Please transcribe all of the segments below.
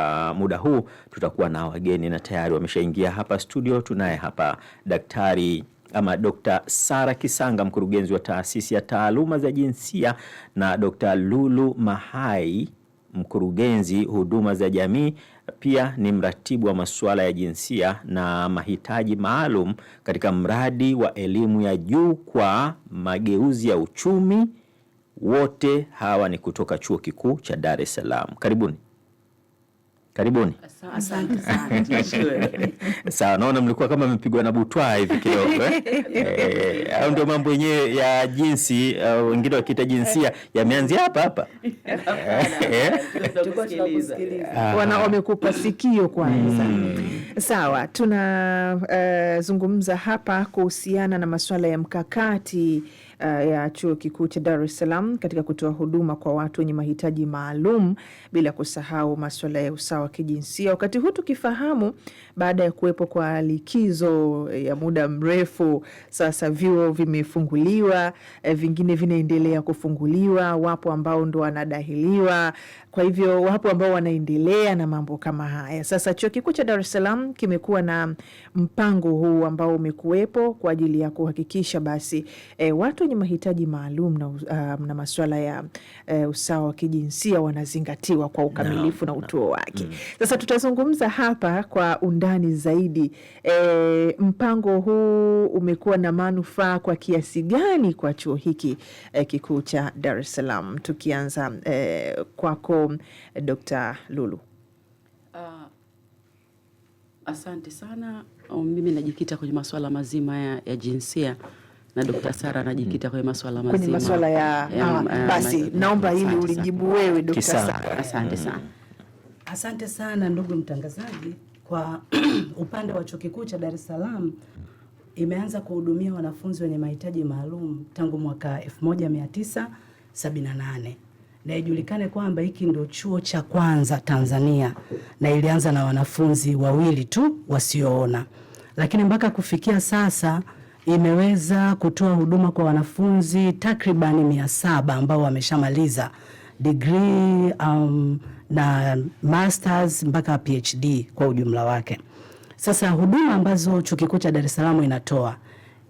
Uh, muda huu tutakuwa na wageni na tayari wameshaingia hapa studio. Tunaye hapa daktari ama Dr. Sara Kisanga mkurugenzi wa taasisi ya taaluma za jinsia na Dr. Lulu Mahai mkurugenzi huduma za jamii, pia ni mratibu wa masuala ya jinsia na mahitaji maalum katika mradi wa elimu ya juu kwa mageuzi ya uchumi. Wote hawa ni kutoka Chuo Kikuu cha Dar es Salaam. Karibuni. Karibuni. Asante sana. Sawa, naona mlikuwa kama mmepigwa na butwaa hivi kidogo eh? eh, au ndio mambo yenyewe ya jinsi wengine uh, wakiita jinsia yameanzia hapa hapa eh? ah. wana wamekupa sikio kwanza. mm. Sawa, tunazungumza eh, uh, hapa kuhusiana na masuala ya mkakati uh, ya Chuo Kikuu cha Dar es Salaam katika kutoa huduma kwa watu wenye mahitaji maalum, bila kusahau maswala ya usawa wa kijinsia, wakati huu tukifahamu baada ya kuwepo kwa likizo ya muda mrefu sasa, vyuo vimefunguliwa, eh, vingine vinaendelea kufunguliwa, wapo ambao ndo wanadahiliwa, kwa hivyo wapo ambao wanaendelea na mambo kama haya. Sasa Chuo Kikuu cha Dar es Salaam kimekuwa na mpango huu ambao umekuwepo kwa ajili ya kuhakikisha basi e, watu wenye mahitaji maalum na, uh, na masuala ya uh, usawa wa kijinsia wanazingatiwa kwa ukamilifu no, na utuo wake no. Mm. Sasa tutazungumza hapa kwa undani zaidi e, mpango huu umekuwa na manufaa kwa kiasi gani kwa chuo hiki e, kikuu cha Dar es Salaam, tukianza e, kwako Dr. Lulu. Uh, asante sana. mimi najikita kwenye masuala mazima ya, ya jinsia na Dokta Sara anajikita kwenye maswala mazima, kwenye masuala ah, ya basi. Naomba hili ulijibu wewe Dokta Sara. Asante sana. Mm. Asante sana ndugu mtangazaji. Kwa upande wa Chuo Kikuu cha Dar es Salaam imeanza kuhudumia wanafunzi wenye mahitaji maalum tangu mwaka 1978 na ijulikane kwamba hiki ndio chuo cha kwanza Tanzania, na ilianza na wanafunzi wawili tu wasioona, lakini mpaka kufikia sasa imeweza kutoa huduma kwa wanafunzi takribani mia saba ambao wameshamaliza degree um, na masters mpaka PhD kwa ujumla wake. Sasa huduma ambazo Chuo Kikuu cha Dar es Salaam inatoa,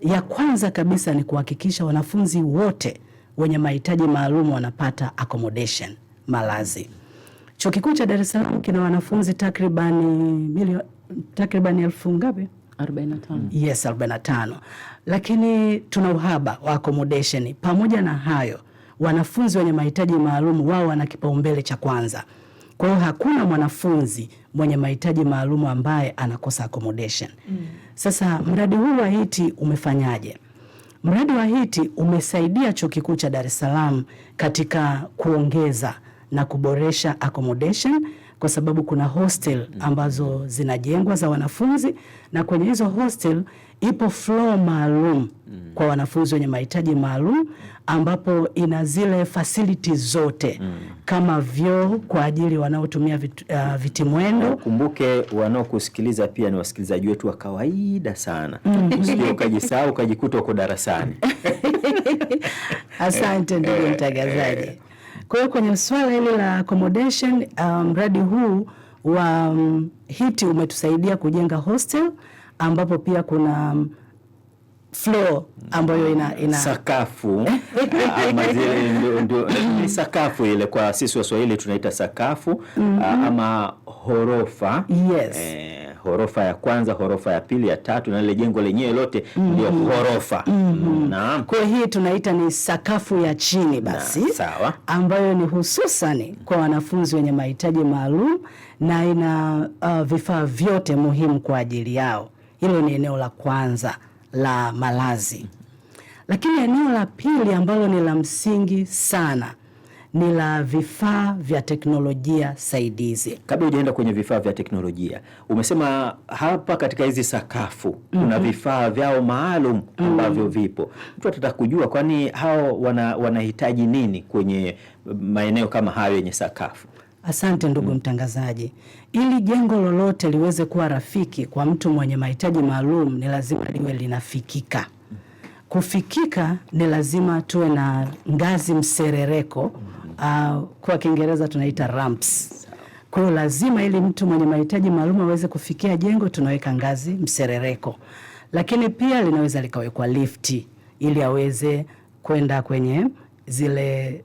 ya kwanza kabisa ni kuhakikisha wanafunzi wote wenye mahitaji maalum wanapata accommodation, malazi. Chuo Kikuu cha Dar es Salaam kina wanafunzi takribani milioni takribani elfu ngapi? 45. Yes, 45. Lakini tuna uhaba wa accommodation. Pamoja na hayo, wanafunzi wenye mahitaji maalum wao wana kipaumbele cha kwanza. Kwa hiyo hakuna mwanafunzi mwenye mahitaji maalum ambaye anakosa accommodation. Mm. Sasa mradi huu wa HEET umefanyaje? Mradi wa HEET umesaidia Chuo Kikuu cha Dar es Salaam katika kuongeza na kuboresha accommodation kwa sababu kuna hostel mhm. ambazo zinajengwa za wanafunzi, na kwenye hizo hostel ipo floor maalum mhm. kwa wanafunzi wenye mahitaji maalum, ambapo ina zile facilities zote mhm. kama vyoo kwa ajili wanaotumia vit, uh, vitimwendo. Kumbuke wanaokusikiliza pia ni wasikilizaji wetu wa kawaida sana, mm. usije ukajisahau ukajikuta uko darasani. Asante ndugu eh, mtangazaji. Eh. Kwa hiyo kwenye swala hili la accommodation, um, mradi um, huu wa um, hiti umetusaidia kujenga hostel ambapo pia kuna um, floor ambayo ina, ina... sakafu ah, ama zile ndio ni sakafu ile, kwa sisi Waswahili tunaita sakafu mm -hmm. ama horofa yes. eh, horofa ya kwanza, horofa ya pili, ya tatu na lile jengo lenyewe lote mm-hmm. ndio mm -hmm. horofa mm -hmm. Kwa hii tunaita ni sakafu ya chini basi na, sawa. ambayo ni hususan kwa wanafunzi wenye mahitaji maalum na ina uh, vifaa vyote muhimu kwa ajili yao. Hilo ni eneo la kwanza la malazi, lakini eneo la pili ambalo ni la msingi sana ni la vifaa vya teknolojia saidizi. Kabla hujaenda kwenye vifaa vya teknolojia, umesema hapa katika hizi sakafu kuna mm -hmm. vifaa vyao maalum mhm. ambavyo mm -hmm. vipo. Mtu atataka kujua kwani hao wana, wanahitaji nini kwenye maeneo kama hayo yenye sakafu? Asante ndugu mm. mtangazaji. Ili jengo lolote liweze kuwa rafiki kwa mtu mwenye mahitaji maalum, ni lazima liwe linafikika. Mm. Kufikika ni lazima tuwe na ngazi mserereko mm uh, kwa Kiingereza tunaita ramps. Kwa hiyo lazima ili mtu mwenye mahitaji maalum aweze kufikia jengo tunaweka ngazi mserereko, lakini pia linaweza likawekwa lifti ili aweze kwenda kwenye zile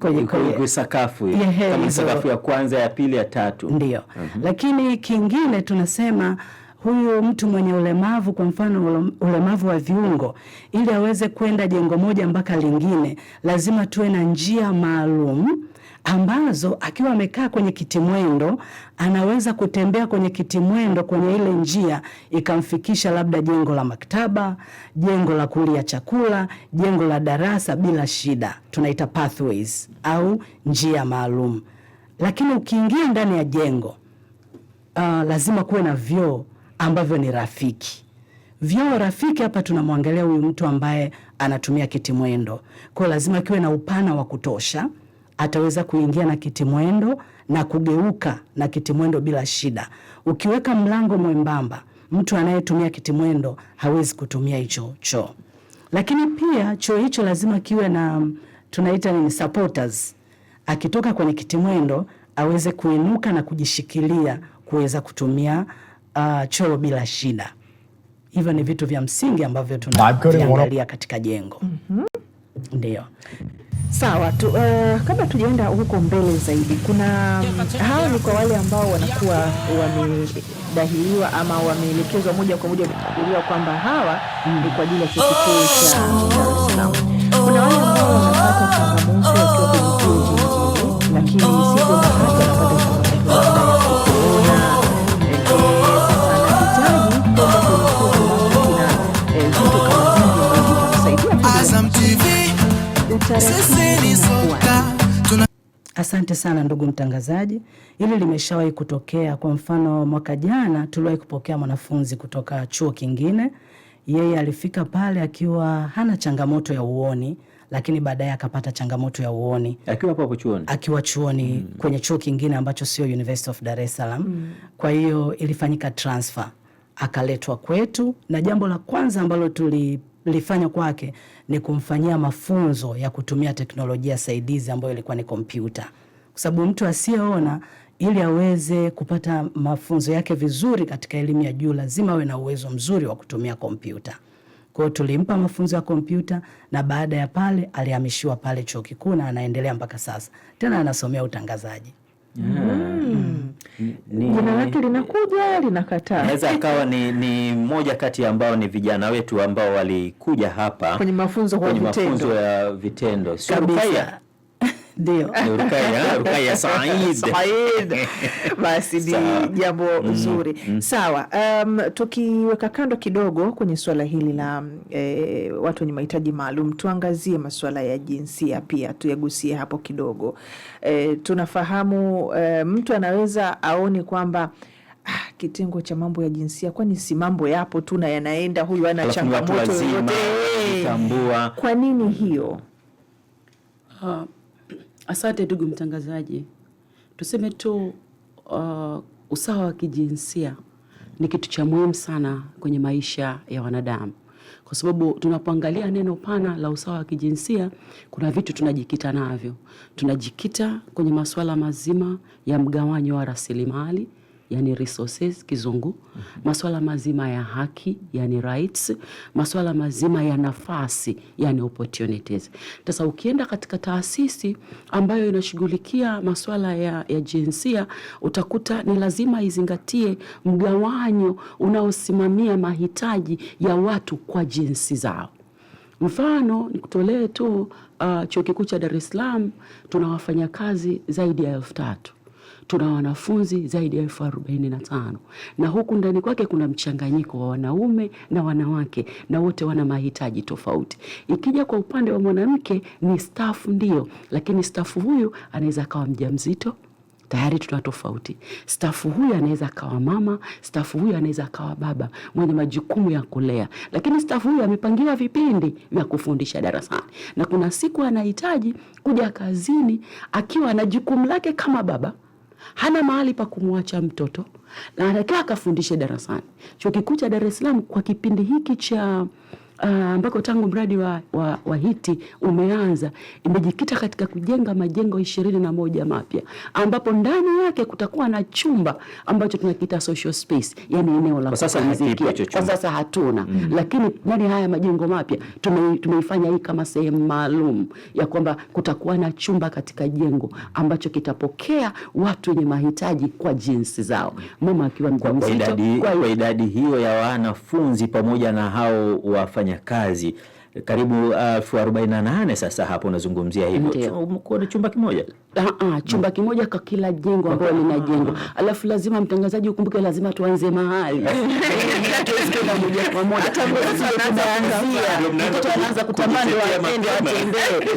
kwenye, kwenye sakafu ya, kama sakafu ya kwanza ya pili ya tatu, ndio. Mm-hmm. Lakini kingine tunasema huyu mtu mwenye ulemavu, kwa mfano ulemavu wa viungo, ili aweze kwenda jengo moja mpaka lingine, lazima tuwe na njia maalum ambazo akiwa amekaa kwenye kitimwendo anaweza kutembea kwenye kitimwendo kwenye ile njia ikamfikisha labda jengo la maktaba, jengo la kulia chakula, jengo la darasa bila shida. Tunaita pathways au njia maalum. Lakini ukiingia ndani ya jengo uh, lazima kuwe na vyoo ambavyo ni rafiki. Vyao rafiki hapa tunamwangalia huyu mtu ambaye anatumia kitimwendo, kwa lazima kiwe na upana wa kutosha, ataweza kuingia na kitimwendo na kugeuka na kitimwendo bila shida. Ukiweka mlango mwembamba, mtu anayetumia kitimwendo hawezi kutumia hicho choo. Lakini pia choo hicho lazima kiwe na tunaita ni supporters. Akitoka kwenye kitimwendo aweze kuinuka na kujishikilia kuweza kutumia uh, choo bila shida. Hivyo ni vitu vya msingi ambavyo tunaangalia katika jengo mm -hmm. Ndio, sawa tu. Uh, kabla tujaenda huko mbele zaidi, kuna um, hao ni kwa wale ambao wanakuwa wamedahiliwa ama wameelekezwa moja kwa moja kuchukuliwa kwamba hawa ni kwa ajili ya chuo kikuu cha Kuna wale ambao wanapata changamoto wakiwa kwenye lakini sivyo, Asante sana ndugu mtangazaji, hili limeshawahi kutokea. Kwa mfano, mwaka jana tuliwahi kupokea mwanafunzi kutoka chuo kingine. Yeye alifika pale akiwa hana changamoto ya uoni, lakini baadaye akapata changamoto ya uoni akiwa hapo chuoni, akiwa chuoni mm. kwenye chuo kingine ambacho sio University of Dar es Salaam mm. kwa hiyo ilifanyika transfer, akaletwa kwetu na jambo la kwanza ambalo tuli nilifanya kwake ni kumfanyia mafunzo ya kutumia teknolojia saidizi ambayo ilikuwa ni kompyuta, kwa sababu mtu asiyeona ili aweze kupata mafunzo yake vizuri katika elimu ya juu lazima awe na uwezo mzuri wa kutumia kompyuta. Kwa hiyo tulimpa mafunzo ya kompyuta na baada ya pale alihamishiwa pale chuo kikuu na anaendelea mpaka sasa, tena anasomea utangazaji. Mm. jina mm. lake linakuja linakataa. Naweza akawa ni, ni mmoja kati ambao ni vijana wetu ambao walikuja hapa kwenye mafunzo, kwenye mafunzo ya vitendo ndio Rukaya ah, Said Said, basi ni jambo mm-hmm. zuri mm, mm. Sawa, um, tukiweka kando kidogo kwenye suala hili la e, watu wenye mahitaji maalum, tuangazie masuala ya jinsia pia, tuyagusie hapo kidogo e, tunafahamu e, mtu anaweza aone kwamba Ah, kitengo cha mambo ya jinsia, kwani si mambo yapo tu na yanaenda, huyu ana changamoto yoyote? Kwa nini hiyo? Ah, Asante ndugu mtangazaji, tuseme tu uh, usawa wa kijinsia ni kitu cha muhimu sana kwenye maisha ya wanadamu, kwa sababu tunapoangalia neno pana la usawa wa kijinsia kuna vitu tunajikita navyo. Tunajikita kwenye masuala mazima ya mgawanyo wa rasilimali yani resources kizungu, masuala mazima ya haki yani rights, masuala mazima ya nafasi yani opportunities. Sasa ukienda katika taasisi ambayo inashughulikia masuala ya, ya jinsia utakuta ni lazima izingatie mgawanyo unaosimamia mahitaji ya watu kwa jinsi zao. Mfano nikutolee tu uh, chuo kikuu cha Dar es Salaam tuna wafanyakazi zaidi ya elfu tatu tuna wanafunzi zaidi ya elfu arobaini na tano na huku ndani kwake kuna mchanganyiko wa wanaume na wanawake, na wote wana mahitaji tofauti. Ikija kwa upande wa mwanamke ni stafu ndio, lakini stafu huyu anaweza akawa mjamzito tayari tuna tofauti. Stafu huyu anaweza akawa mama, stafu huyu anaweza akawa baba mwenye majukumu ya kulea, lakini stafu huyu amepangiwa vipindi vya kufundisha darasani, na kuna siku anahitaji kuja kazini akiwa na jukumu lake kama baba hana mahali pa kumwacha mtoto na anatakiwa akafundishe darasani. Chuo Kikuu cha Dar es Salaam kwa kipindi hiki cha ambako ah, uh, tangu mradi wa, wa, wa hiti umeanza imejikita katika kujenga majengo ishirini na moja mapya ambapo ndani yake kutakuwa na chumba ambacho tunakiita social space, yani eneo la kupumzikia. Kwa sasa hatuna mm. Lakini ndani haya majengo mapya tume, tumeifanya hii kama sehemu maalum ya kwamba kutakuwa na chumba katika jengo ambacho kitapokea watu wenye mahitaji kwa jinsi zao, mama akiwa mjamzito kwa idadi hiyo ya wanafunzi pamoja na hao wafanya minha casa karibu uh, elfu arobaini na nane sasa hapo unazungumzia hivyo um, kuona chumba kimoja Aa, ah, ah, chumba kimoja kwa kila jengo ambalo linajengwa, alafu lazima mtangazaji, ukumbuke lazima tuanze mahali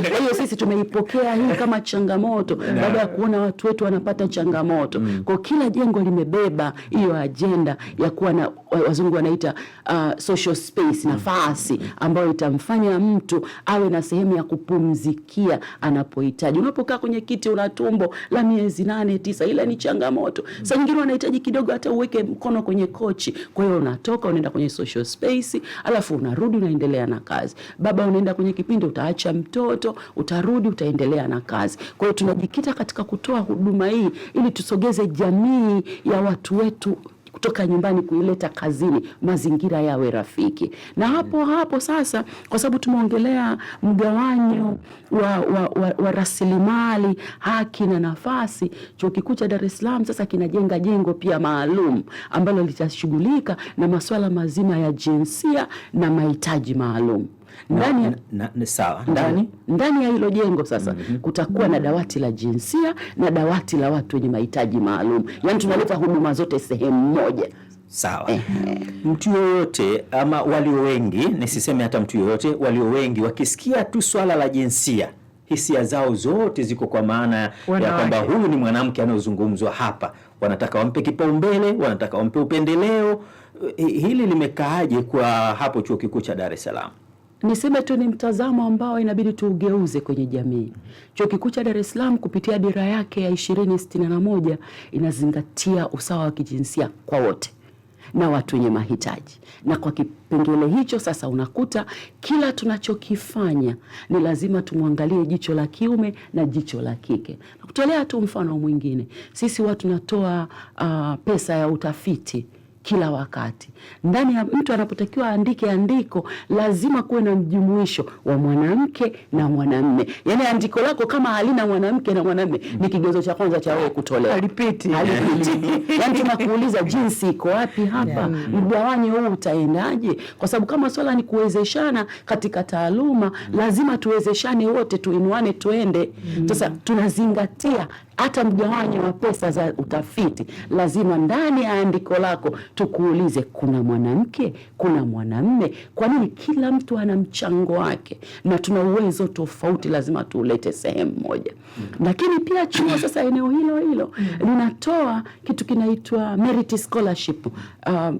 kwa hiyo sisi tumeipokea hii kama changamoto baada ya kuona watu wetu wanapata changamoto mm. kwa kila jengo limebeba hiyo ajenda ya kuwa na wazungu wanaita uh, social space, nafasi mm. ambayo itamfaa kumfanya mtu awe na sehemu ya kupumzikia anapohitaji. Unapokaa kwenye kiti una tumbo la miezi nane tisa, ile ni changamoto. Saa nyingine wanahitaji kidogo hata uweke mkono kwenye kochi. Kwa hiyo unatoka unaenda kwenye social space, alafu unarudi unaendelea na kazi. Baba unaenda kwenye kipindi, utaacha mtoto, utarudi utaendelea na kazi. Kwa hiyo tunajikita katika kutoa huduma hii ili tusogeze jamii ya watu wetu kutoka nyumbani kuileta kazini, mazingira yawe rafiki. Na hapo hapo sasa, kwa sababu tumeongelea mgawanyo wa, wa, wa, wa rasilimali, haki na nafasi, Chuo Kikuu cha Dar es Salaam sasa kinajenga jengo pia maalum ambalo litashughulika na masuala mazima ya jinsia na mahitaji maalum ndani na, na, na, sawa ndani ndani ya hilo jengo sasa mm -hmm. kutakuwa na dawati la jinsia na dawati la watu wenye mahitaji maalum, yaani tunaleta huduma zote sehemu moja. Sawa. mtu yoyote ama walio wengi, nisiseme hata mtu yoyote, walio wengi wakisikia tu swala la jinsia hisia zao zote ziko kwa maana ya kwamba huyu ni mwanamke anayozungumzwa hapa. Wanataka wampe kipaumbele, wanataka wampe upendeleo. Hili limekaaje kwa hapo chuo kikuu cha Dar es Salaam? Niseme tu ni mtazamo ambao inabidi tuugeuze kwenye jamii. Chuo Kikuu cha Dar es Salaam kupitia dira yake ya 2061 inazingatia usawa wa kijinsia kwa wote na watu wenye mahitaji, na kwa kipengele hicho sasa unakuta kila tunachokifanya ni lazima tumwangalie jicho la kiume na jicho la kike. Nakutolea tu mfano mwingine, sisi huwa tunatoa uh, pesa ya utafiti kila wakati. Ndani ya mtu anapotakiwa aandike andiko, lazima kuwe na mjumuisho wa mwanamke na mwanamme. Yaani andiko lako kama halina mwanamke na mwanamme ni kigezo cha kwanza cha wewe kutolewa, halipiti, Yaani tunakuuliza jinsi iko wapi hapa, mm. mgawanyo huu utaendaje? Kwa sababu kama swala ni kuwezeshana katika taaluma, lazima tuwezeshane wote, tuinuane, tuende. Mm. Sasa tunazingatia hata mgawanyo wa pesa za utafiti lazima ndani ya andiko lako tukuulize, kuna mwanamke, kuna mwanamme. Kwa nini? Kila mtu ana mchango wake na tuna uwezo tofauti, lazima tuulete sehemu moja. Lakini pia chuo sasa, eneo hilo hilo linatoa mm. kitu kinaitwa merit scholarship um,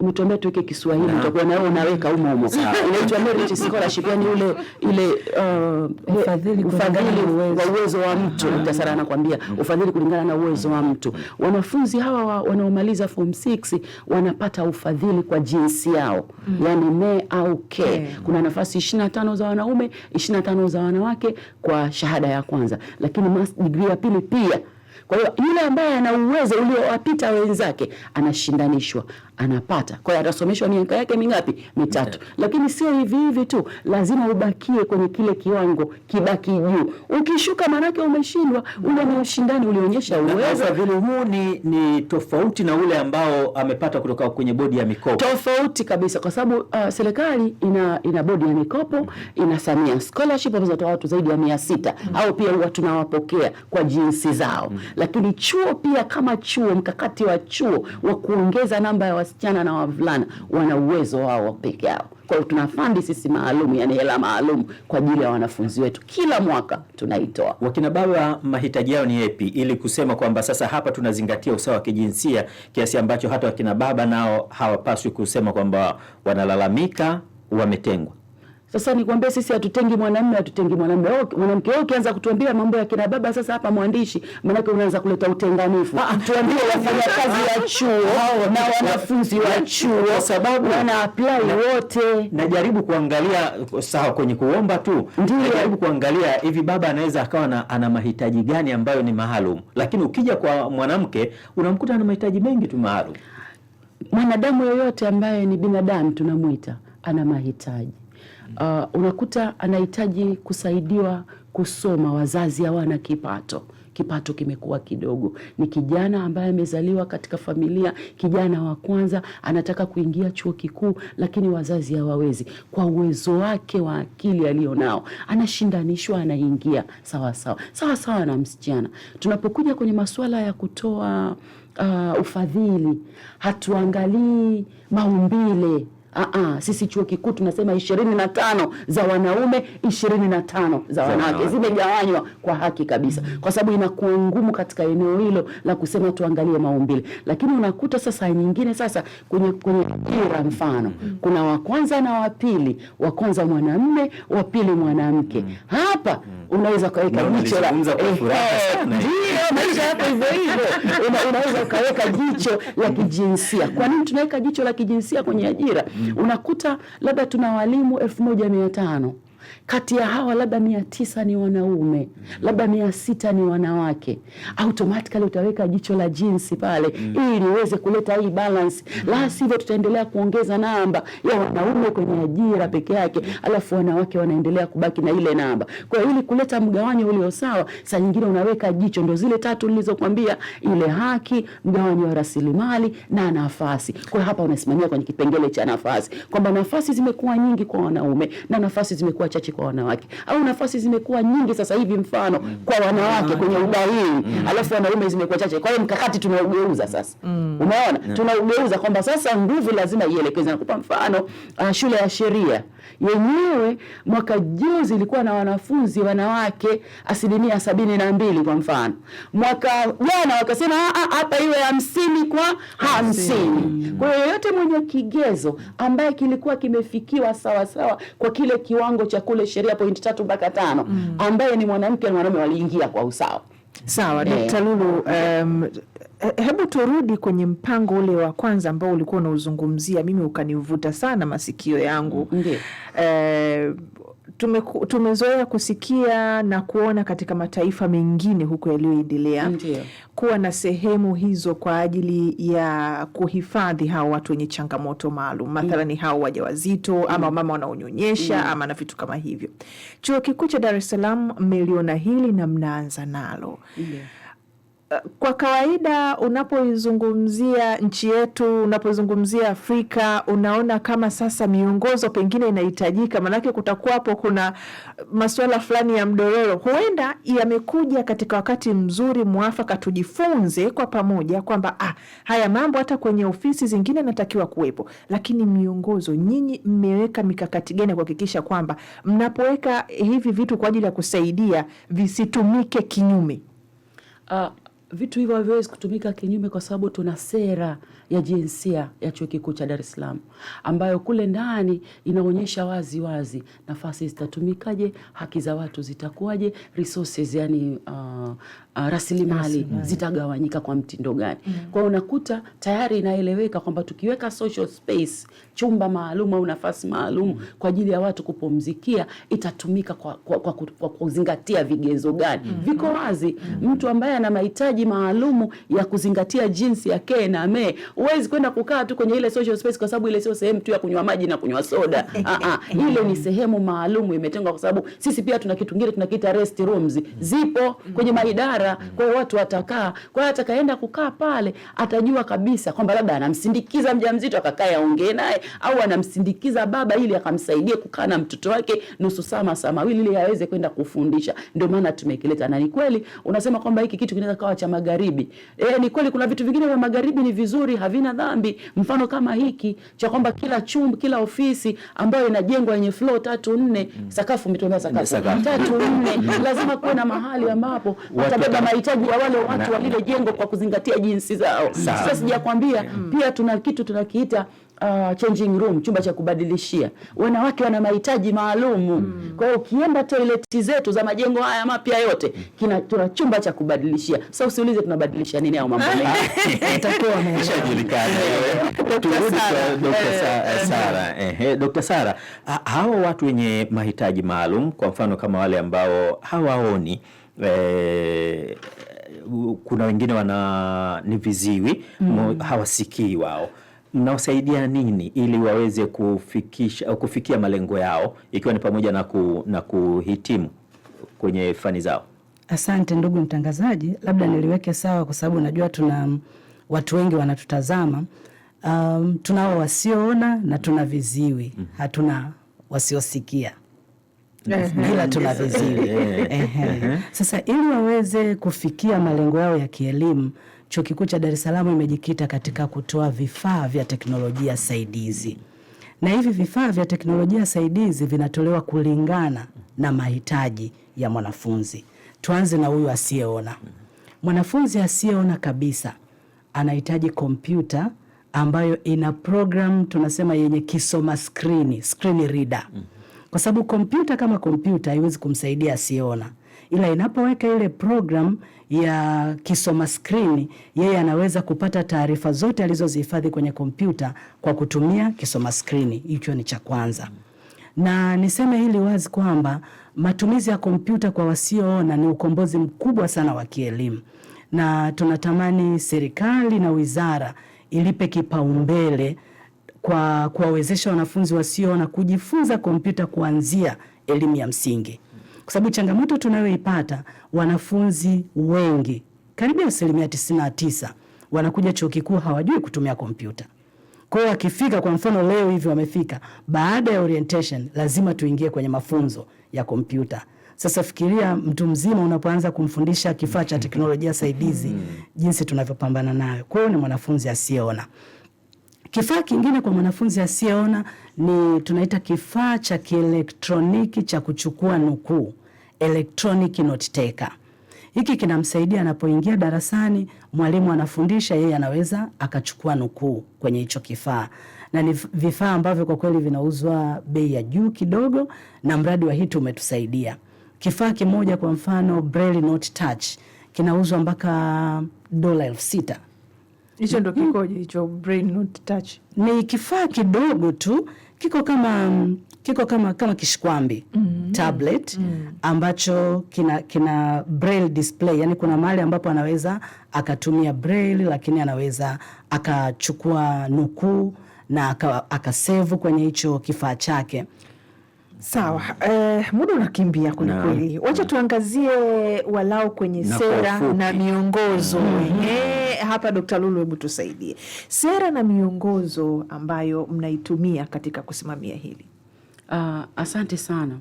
umetuambia tuweke Kiswahili utakuwa na wewe unaweka humo humo. Inaitwa merit scholarship, yani ule ile uh, ufadhili wa uwezo wa mtu. Mtasara mm. anakuambia ufadhili kulingana na uwezo wa mtu. Wanafunzi hawa wanaomaliza form 6 wanapata ufadhili kwa jinsi yao, mm. yani me au ke. Kuna nafasi 25 za wanaume, 25 za wanawake kwa shahada ya kwanza, lakini degree ya pili pia. Kwa hiyo yule ambaye ana uwezo uliowapita wenzake anashindanishwa anapata. Kwa hiyo atasomeshwa miaka yake mingapi? Mitatu. Lakini sio hivi hivi tu, lazima ubakie kwenye kile kiwango kibaki juu. Ukishuka maanake umeshindwa ule na ushindani ulionyesha uwezo. Vile huu ni, ni tofauti na ule ambao amepata kutoka kwenye bodi ya mikopo, tofauti kabisa, kwa sababu uh, serikali ina, ina bodi ya mikopo ina Samia scholarship ambazo zinatoa watu zaidi ya mia sita mm -hmm. au pia huwa tunawapokea kwa jinsi zao mm -hmm. lakini chuo pia kama chuo, mkakati wa chuo wa kuongeza namba ya wasichana na wavulana wana uwezo wao peke yao. Kwa hiyo tuna sisi maalum, yani hela maalum kwa ajili ya wanafunzi wetu, kila mwaka tunaitoa. Wakina baba mahitaji yao ni yapi, ili kusema kwamba sasa hapa tunazingatia usawa wa kijinsia kiasi ambacho hata wakina baba nao hawapaswi kusema kwamba wanalalamika wametengwa? Sasa nikwambie sisi hatutengi mwanamume, hatutengi mwanamume. Mwanamke wewe ukianza kutuambia mambo ya kina baba sasa hapa mwandishi, maanake unaanza kuleta utenganifu. Ah, ah, tuambie kazi wa chuo na wanafunzi wa chuo, sababu wana apply wote. Najaribu kuangalia sawa, kwenye kuomba tu, najaribu kuangalia hivi baba anaweza akawa na, ana mahitaji gani ambayo ni maalum, lakini ukija kwa mwanamke unamkuta ana mahitaji mengi tu maalum. Mwanadamu yoyote ambaye ni binadamu tunamwita ana mahitaji uh, unakuta anahitaji kusaidiwa kusoma. Wazazi hawana kipato, kipato kimekuwa kidogo. Ni kijana ambaye amezaliwa katika familia, kijana wa kwanza, anataka kuingia chuo kikuu, lakini wazazi hawawezi. Kwa uwezo wake wa akili alionao, anashindanishwa, anaingia sawa sawa sawa sawa na msichana. Tunapokuja kwenye masuala ya kutoa uh, ufadhili, hatuangalii maumbile Ah, ah, sisi chuo kikuu tunasema ishirini na tano za wanaume ishirini na tano za wanawake zimegawanywa kwa haki kabisa, kwa sababu inakuwa ngumu katika eneo hilo la kusema tuangalie maumbile, lakini unakuta sasa nyingine sasa kwenye kwenye mpira mfano mm. kuna wa kwanza na wa pili, wa kwanza mwanamume, wa pili mwanamke. Mm. Hapa mm. unaweza ukaweka jicho la maisha yako hivyo hivyo, unaweza ukaweka jicho la kijinsia. Kwa nini tunaweka jicho la kijinsia kwenye ajira? Mm. Unakuta labda tuna walimu elfu moja mia tano kati ya hawa labda mia tisa ni wanaume labda mia sita ni wanawake, automatically utaweka jicho la jinsi pale mm ili uweze kuleta hii balance mm la sivyo tutaendelea kuongeza namba ya wanaume kwenye ajira peke yake, alafu wanawake wanaendelea kubaki na ile namba. Kwa ili kuleta mgawanyo ulio sawa, saa nyingine unaweka jicho ndo zile tatu nilizokwambia, ile haki, mgawanyo wa rasilimali na nafasi. Kwa hapa unasimamia kwenye kipengele cha nafasi kwamba nafasi zimekuwa nyingi kwa wanaume na nafasi zimekuwa chache kwa wanawake au nafasi zimekuwa nyingi sasa hivi, mfano mm. kwa wanawake kwenye mm. udahili mm. alafu wanaume zimekuwa chache. Kwa hiyo mkakati tunaugeuza sasa mm. unaona yeah. tunaugeuza kwamba sasa nguvu lazima ielekezwe. Nakupa mfano uh, shule ya sheria yenyewe mwaka juzi ilikuwa na wanafunzi wanawake asilimia sabini na mbili kwa mfano. Mwaka jana wakasema ah, ah, hapa iwe hamsini kwa hamsini. Kwa hiyo yoyote mwenye kigezo ambaye kilikuwa kimefikiwa sawasawa sawa kwa kile kiwango cha kule sheria pointi tatu mpaka tano mm. ambaye ni mwanamke na mwanaume waliingia kwa usawa. Sawa, eh. Dkt. Lulu, um, Eh, hebu turudi kwenye mpango ule wa kwanza ambao ulikuwa unauzungumzia, mimi ukanivuta sana masikio yangu. Eh, tume, tumezoea kusikia na kuona katika mataifa mengine huko yaliyoendelea kuwa na sehemu hizo kwa ajili ya kuhifadhi hao watu wenye changamoto maalum, mm. mathalani hao wajawazito mm. ama mama wanaonyonyesha mm. ama na vitu kama hivyo. Chuo Kikuu cha Dar es Salaam mmeliona hili na mnaanza nalo Ndiyo. Kwa kawaida unapoizungumzia nchi yetu, unapoizungumzia Afrika, unaona kama sasa miongozo pengine inahitajika, maanake kutakuwapo kuna masuala fulani ya mdororo. Huenda yamekuja katika wakati mzuri mwafaka, tujifunze kwa pamoja kwamba ah, haya mambo hata kwenye ofisi zingine natakiwa kuwepo. Lakini miongozo, nyinyi mmeweka mikakati gani ya kuhakikisha kwamba mnapoweka hivi vitu kwa ajili ya kusaidia visitumike kinyume? Uh, vitu hivyo haviwezi kutumika kinyume, kwa sababu tuna sera ya jinsia ya Chuo Kikuu cha Dar es Salaam ambayo kule ndani inaonyesha wazi wazi nafasi zitatumikaje, haki za watu zitakuwaje, resources yani uh, uh, rasilimali zitagawanyika kwa mtindo gani? mm. Kwa unakuta tayari inaeleweka kwamba tukiweka social space, chumba maalum au nafasi maalum mm. kwa ajili ya watu kupumzikia itatumika kwa, kwa, kwa, kwa kuzingatia vigezo gani? mm. Viko mm. wazi mm. Mtu ambaye ana mahitaji maalumu ya kuzingatia jinsi ya ke na me, huwezi kwenda kukaa tu kwenye ile social space, kwa sababu ile sio sehemu tu ya kunywa maji na kunywa soda a ah, ah. Ile ni sehemu maalum imetengwa, kwa sababu sisi pia tuna kitu kingine tunakiita rest rooms, mm. zipo mm. kwenye maidara biashara mm. Kwa hiyo watu watakaa, kwa hiyo atakaenda kukaa pale atajua kabisa kwamba labda anamsindikiza mjamzito akakae aongee naye, au anamsindikiza baba ili akamsaidie kukaa na mtoto wake nusu saa masaa mawili ili aweze kwenda kufundisha. Ndio maana tumekileta, na ni kweli unasema kwamba hiki kitu kinaweza kawa cha magharibi. E, ni kweli kuna vitu vingine vya magharibi ni vizuri, havina dhambi, mfano kama hiki cha kwamba kila chumba, kila ofisi ambayo inajengwa yenye floor tatu nne, mm. sakafu umetumia sakafu tatu nne, lazima kuwe na mahali ambapo kubeba mahitaji ya wale watu wa lile jengo kwa kuzingatia jinsi zao. Sasa sijakwambia mm. pia tuna kitu tunakiita Uh, changing room, chumba cha kubadilishia. Wanawake wana mahitaji maalumu mm. Kwa hiyo ukienda toileti zetu za majengo haya mapya yote mm. kina, tuna chumba cha kubadilishia. Sasa usiulize tunabadilisha nini au mambo mengi, itakuwa imeshajulikana. Eh, Turudi kwa Dr. Sara, eh, eh. hawa watu wenye mahitaji maalum, kwa mfano kama wale ambao hawaoni eh, kuna wengine wana ni viziwi mm. hawasikii wao mnawasaidia nini ili waweze kufikisha, kufikia malengo yao ikiwa ni pamoja na, ku, na kuhitimu kwenye fani zao? Asante ndugu mtangazaji, labda niliweke sawa kwa sababu najua tuna mm, watu wengi wanatutazama. Um, tunao wasioona na tuna viziwi, mm. hatuna wasiosikia bila tuna Sasa ili waweze kufikia malengo yao ya kielimu, Chuo Kikuu cha Dar es Salaam imejikita katika kutoa vifaa vya teknolojia saidizi, na hivi vifaa vya teknolojia saidizi vinatolewa kulingana na mahitaji ya mwanafunzi. Tuanze na huyu asiyeona. Mwanafunzi asiyeona kabisa anahitaji kompyuta ambayo ina program tunasema yenye kisoma skrini, screen reader. Mm kwa sababu kompyuta kama kompyuta haiwezi kumsaidia asiyeona, ila inapoweka ile program ya kisoma skrini, yeye anaweza kupata taarifa zote alizozihifadhi kwenye kompyuta kwa kutumia kisoma skrini. Hicho ni cha kwanza, na niseme hili wazi kwamba matumizi ya kompyuta kwa wasioona ni ukombozi mkubwa sana wa kielimu, na tunatamani serikali na wizara ilipe kipaumbele kwa kuwawezesha wanafunzi wasioona kujifunza kompyuta kuanzia elimu ya msingi, kwa sababu changamoto tunayoipata wanafunzi wengi karibia asilimia tisini na tisa wanakuja chuo kikuu hawajui kutumia kompyuta. Kwa hiyo wakifika, kwa mfano leo hivi wamefika, baada ya orientation lazima tuingie kwenye mafunzo ya kompyuta. Sasa fikiria mtu mzima unapoanza kumfundisha kifaa cha teknolojia saidizi, hmm. jinsi tunavyopambana nayo. Kwa hiyo ni mwanafunzi asiyeona. Kifaa kingine kwa mwanafunzi asiyeona ni tunaita kifaa cha kielektroniki cha kuchukua nukuu, electronic note taker. Hiki kinamsaidia anapoingia darasani, mwalimu anafundisha, yeye anaweza akachukua nukuu kwenye hicho kifaa, na ni vifaa ambavyo kwa kweli vinauzwa bei ya juu kidogo, na mradi wa HEET umetusaidia. Kifaa kimoja kwa mfano Braille Note Touch kinauzwa mpaka dola elfu sita. Hicho ndo mm-hmm. kikoje hicho brain not touch? Ni kifaa kidogo tu kiko kama kiko kama kama kishikwambi mm -hmm. tablet mm -hmm. ambacho kina kina braille display, yani kuna mahali ambapo anaweza akatumia braille, lakini anaweza akachukua nukuu na akasevu kwenye hicho kifaa chake. Sawa. Eh, muda unakimbia kwelikweli, wacha tuangazie walau kwenye na sera kufupi, na miongozo mm -hmm. Eh, hapa Dkt. Lulu, hebu tusaidie sera na miongozo ambayo mnaitumia katika kusimamia hili. Uh, asante sana.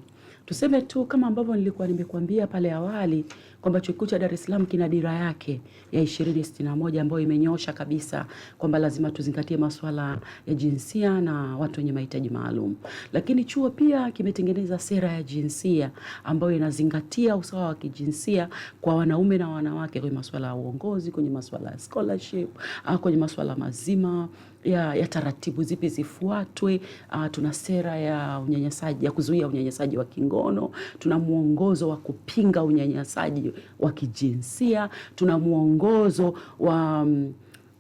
Tuseme tu kama ambavyo nilikuwa nimekuambia pale awali kwamba chuo kikuu cha Dar es Salaam kina dira yake ya 2061 ambayo imenyosha kabisa kwamba lazima tuzingatie masuala ya jinsia na watu wenye mahitaji maalum, lakini chuo pia kimetengeneza sera ya jinsia ambayo inazingatia usawa wa kijinsia kwa wanaume na wanawake kwenye masuala ya uongozi, kwenye masuala ya scholarship, ah, kwenye masuala mazima ya, ya taratibu zipi zifuatwe. Uh, tuna sera ya unyanyasaji ya kuzuia unyanyasaji wa kingono, tuna mwongozo wa kupinga unyanyasaji wa kijinsia, tuna mwongozo wa, mm,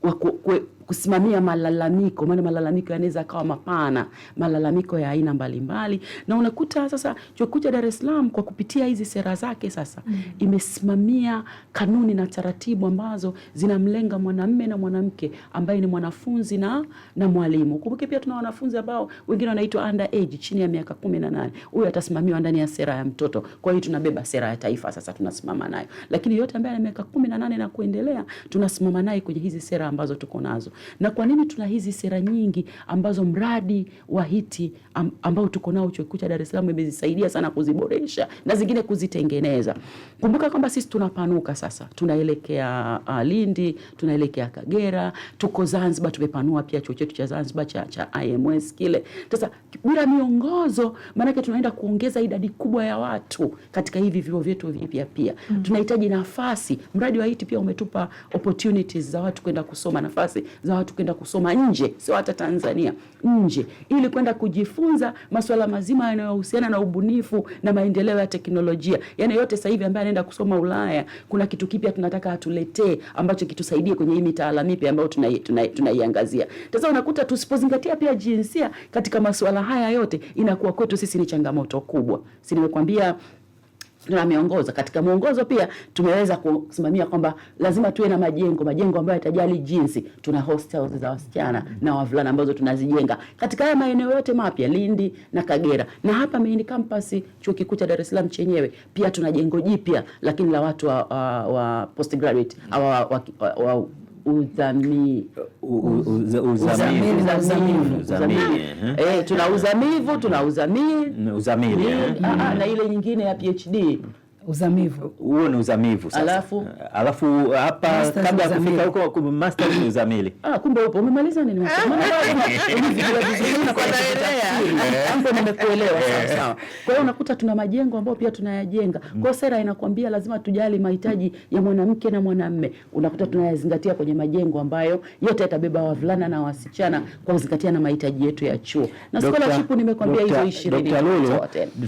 wa ku, ku, kusimamia malalamiko, maana malalamiko yanaweza kawa mapana, malalamiko ya aina mbalimbali. Na unakuta sasa chuo kikuu cha Dar es Salaam kwa kupitia hizi sera zake sasa mm -hmm. imesimamia kanuni na taratibu ambazo zinamlenga mwanamme na mwanamke ambaye ni mwanafunzi na, na mwalimu. Kumbuke pia tuna wanafunzi ambao wengine wanaitwa under age, chini ya miaka kumi na nane. Huyu atasimamiwa ndani ya sera ya mtoto, kwa hiyo tunabeba sera ya taifa sasa tunasimama nayo, lakini yote ambaye ana miaka kumi na nane na kuendelea tunasimama naye kwenye hizi sera ambazo tuko nazo na kwa nini tuna hizi sera nyingi ambazo mradi wa HEET ambao tuko nao chuo kikuu cha Dar es Salaam imezisaidia sana kuziboresha na zingine kuzitengeneza. Kumbuka kwamba sisi tunapanuka sasa, tunaelekea uh, Lindi, tunaelekea Kagera, tuko Zanzibar, tumepanua pia chuo chetu cha Zanzibar cha, cha IMS kile. Sasa bila miongozo, maanake tunaenda kuongeza idadi kubwa ya watu katika hivi vyuo vyetu vipya pia mm -hmm. tunahitaji nafasi. Mradi wa hiti pia umetupa opportunities za watu kwenda kusoma nafasi za watu kwenda kusoma nje, sio hata Tanzania, nje, ili kwenda kujifunza masuala mazima yanayohusiana na ubunifu na maendeleo ya teknolojia. yani yote sasa hivi ambaye anaenda kusoma Ulaya, kuna kitu kipya tunataka atuletee ambacho kitusaidie kwenye hii mitaala mipya ambayo tunaiangazia. Tuna, tuna sasa unakuta tusipozingatia pia jinsia katika masuala haya yote, inakuwa kwetu sisi ni changamoto kubwa, si nimekwambia na miongozo. katika mwongozo. Pia tumeweza kusimamia kwamba lazima tuwe na majengo majengo ambayo yatajali jinsi tuna hostels za wasichana na wavulana ambazo tunazijenga katika haya maeneo yote mapya Lindi na Kagera, na hapa main campus chuo kikuu cha Dar es Salaam chenyewe pia tuna jengo jipya, lakini la watu wa, wa, wa postgraduate au wa, wa, wa, wa, uzami tuna uzamivu tuna uzamili eh. ah, ah, na ile nyingine ya PhD uzamivu. Huo ni uzamivu sasa. Alafu alafu hapa kabla ya kufika huko masters ni uzamili. Ah, kumbe upo umemaliza nini? nimekuelewa sawa eh. sawa. Kwa hiyo unakuta tuna majengo ambayo pia tunayajenga. Mm. Kwa sera inakwambia lazima tujali mahitaji ya mwanamke na mwanamme Unakuta tunayazingatia kwenye majengo ambayo yote yatabeba wavulana na wasichana kwa kuzingatia na mahitaji yetu ya chuo. Na scholarship nimekwambia hizo 20.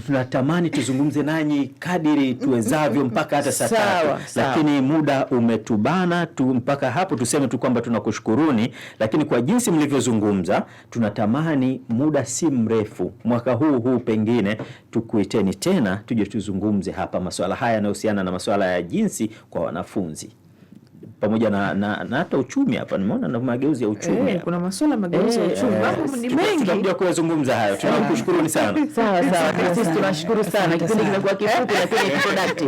tunatamani tuzungumze nanyi kadiri tu tuwezavyo mm-hmm. mpaka hata saa tatu, lakini muda umetubana tu. Mpaka hapo tuseme tu kwamba tunakushukuruni, lakini kwa jinsi mlivyozungumza, tunatamani muda si mrefu, mwaka huu huu pengine tukuiteni tena tuje tuzungumze hapa masuala haya yanayohusiana na masuala ya jinsi kwa wanafunzi pamoja na na, na hata uchumi hapa nimeona na mageuzi ya uchumi e, kuna masuala mageuzi e, ya eh, uchumi e, ni mengi tutakuja kuyazungumza hayo. Tunakushukuru sana. Sawa sawa, sisi tunashukuru sana, kipindi kimekuwa kifupi lakini productive.